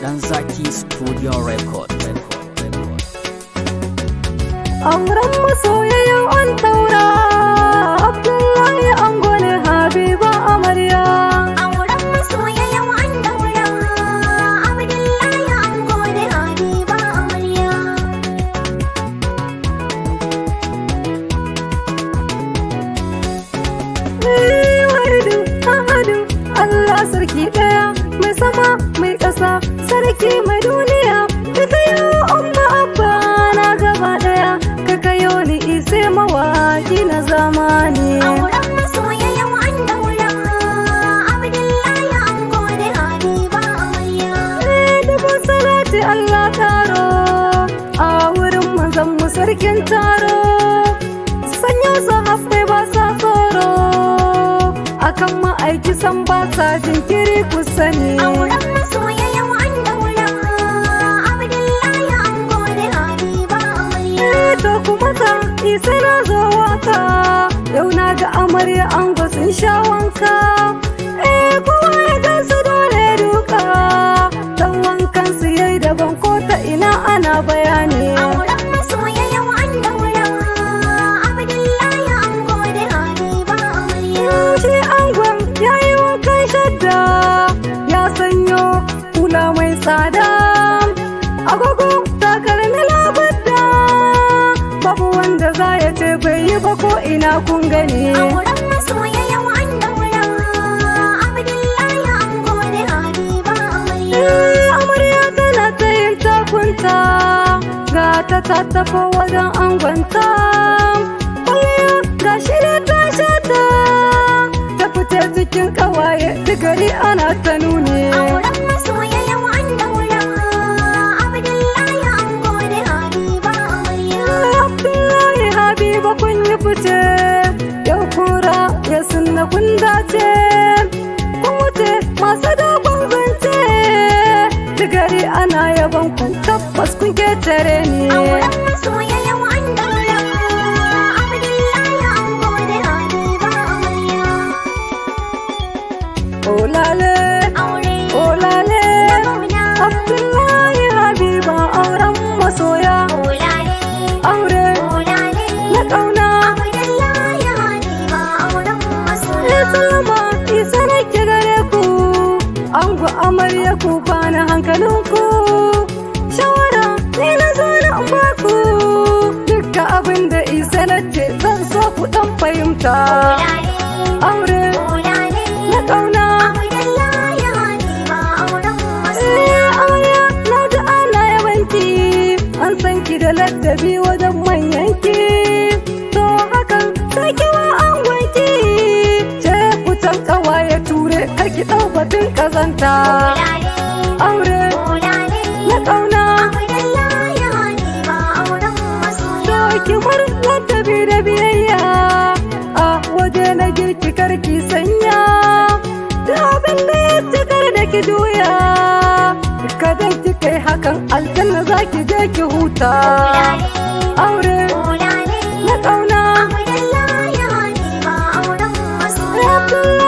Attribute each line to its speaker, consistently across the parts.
Speaker 1: Danzaki Studio Record. record. aiki san ba sa jinkiri ku sani auren masoya yau an daura abdullahi an gode habiba auliya eh, to kuma ka isa na zo waka yau na da amaryar ango sun sha wanka na kun gane a wurin masoya abdullahi an gode habiba eh, tana ta yin takunta ga ta ta tafi wajen gwanta. kwalliya ga shi da ta ta fita cikin kawaye ta gari ana ta nune a wurin masoya yau an ba kun yi fice, yau kura ya sunna kun dace. amarya ku kwana hankalinku shawara ni na zo na baku dukkan abin da isa na ce zan so ku dan fahimta aure na kauna eh, an san ki da ladabi wajen manyanki ce kake ɗau batun kazanta. Aure na ƙauna. Ki murna da bi da biyayya a waje na girki karki sanya. Da abin da ya cikar da ki doya. Kadan ki kai hakan aljanna za ki je ki huta. Aure na ƙauna. Abdullahi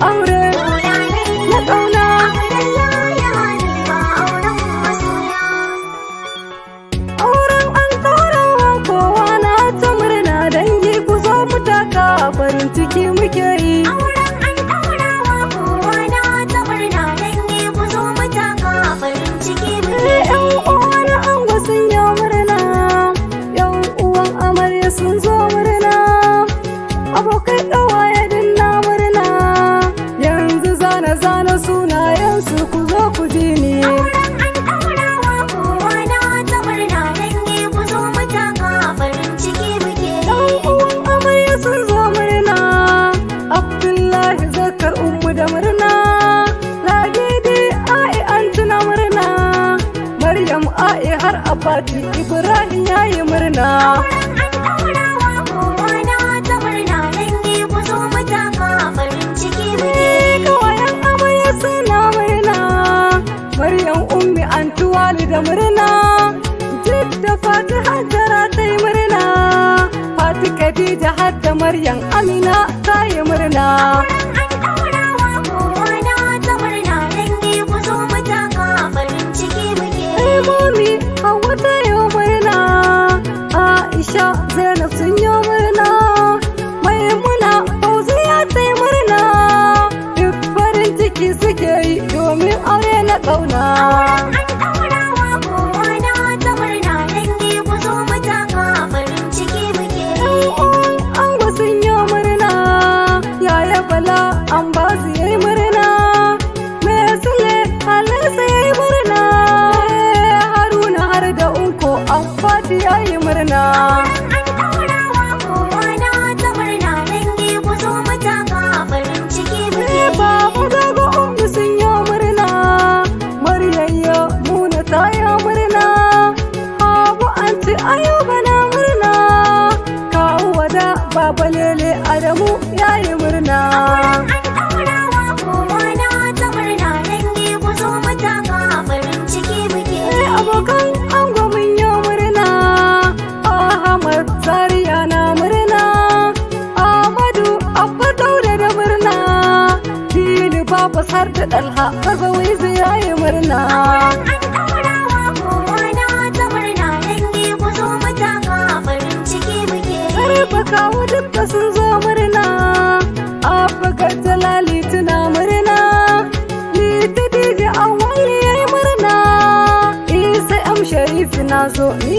Speaker 1: aure na ƙauna auren an ƙorawa kowa na ta murna dangi ku zo mu taka farin ciki muke yi na zana sunayensu ku zo ku ji ni. Auren an ɗaurawa kowa na ta murna nan ne ku zo mu taka farin ciki muke. Ɗan uwan amarya sun zo murna, Abdullahi zakar ummu da murna. Ladidi a'i an tuna murna, Maryam a'i har abati Ibrahim ya yi murna. da murna da fata hajjara ta yi murna fati kadija har da maryam amina ta yi murna Hawa ta yi murna Aisha zai shi ayuba na murna kawo wada baba lele adamu yayi murna abokan ango mun yi murna ahmad zariya na murna Amadu abba daure da murna dini babu sar da dalha farba wizi yayi murna yo